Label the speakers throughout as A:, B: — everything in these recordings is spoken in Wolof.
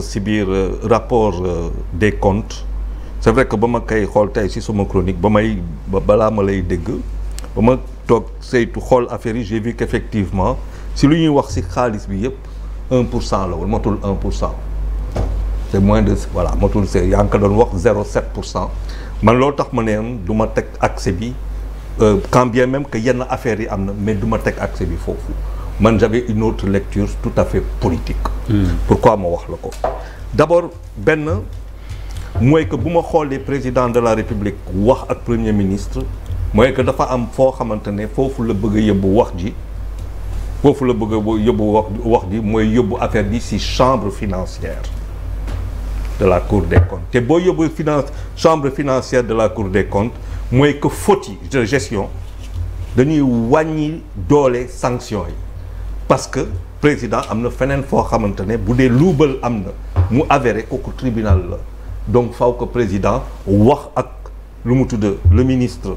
A: jàpp si biir euh, rapport euh, des comptes c'est vrai que ba ma kay xool tey si suma chronique ba may balaa ma lay dégg ba ma toog saytu xool affaire yi j'ai vu qu'effectivement si lu ñuy wax si xaalis bi yëpp un pour cent la woon matul un pour cent c'est moins de voilà matul c'est yaa ngi doon wax zéro sept pour cent man loolu tax ma neen du ma teg accès bi euh, quand bien même que yenn affaires yi am na mais du ma teg accès bi foofu man j'avais une autre lecture tout à fait politique hmm. pourquoi ma wax la ko d'abord benn mooy que bu ma xoolee président de la république wax ak premier ministre mooy que dafa am foo xamante ne foofu la bëgg a wax ji foofu la bëgg a yóbbu wax wax ji mooy yóbbu affaire bi ci chambre financière de la cour des comptes te boo yóbbu finance chambre financière de la cour des comptes mooy que faute yi de gestion dañuy wàññi doole sanction yi parce que président am na feneen foo xamante ne bu dee luubal am na mu avéré kooku tribunal la donc faw ko président wax ak lu mu tudd le ministre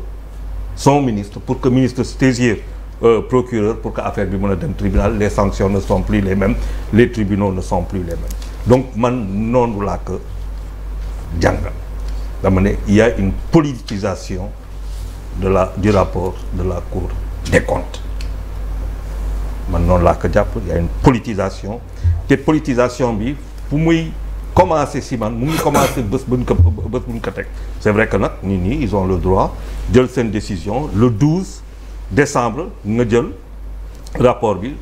A: son ministre pour que ministre saisir euh, procureur pour que affaire bi mën a dem tribunal les sanctions ne sont plus les mêmes les tribunaux ne sont plus les mêmes donc man noonu la ko jàngal dama ne il y a une politisation de la du rapport de la Cour des comptes man noonu laa ko jàpp y une politisation te politisation bi pour muy commencé si man mu ngi commencé bés buñ ko bés buñ ko teg c'est vrai que nag nit ñi ils ont le droit jël seen décision le 12 décembre nga jël rapport bi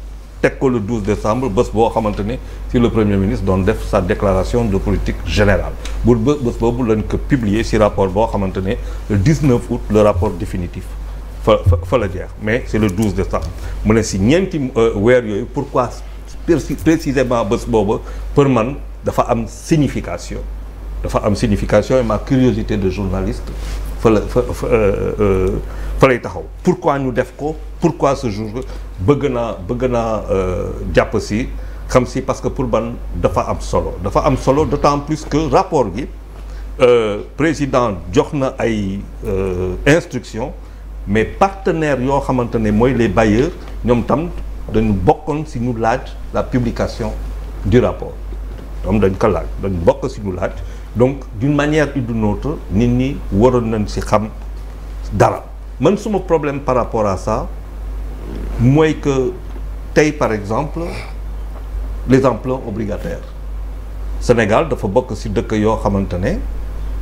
A: teg ko le 12 décembre bés boo xamante ne si le premier ministre doon def sa déclaration de politique général bu bés bés boobu lañ ko publier si rapport boo xamante ne le 19 août le rapport définitif fa fa la jeex mais c'est le 12 décembre mu ne si ñeenti euh, weer yooyu pourquoi précisément bés booba pour man dafa am signification dafa am signification et ma curiosité de journaliste fa la fa fa euh, euh, lay taxaw pourquoi ñu def ko pourquoi ce jour bëgg naa bëgg naa jàpp si xam si parce que pour man dafa am solo dafa am solo d'autant plus que rapport bi président jox na ay instructions mais partenaire yoo xamante ne mooy les bailleurs ñoom tam dañu bokkoon si ñu laaj la publication du rapport ñoom dañ ko laaj dañ bokk si ñu laaj donc d'une manière ou d'une autre nit ñi waroon nañ si xam dara man suma problème par rapport à ça mooy que tey par exemple les emplois obligataires Sénégal dafa bokk si dëkk yoo xamante ne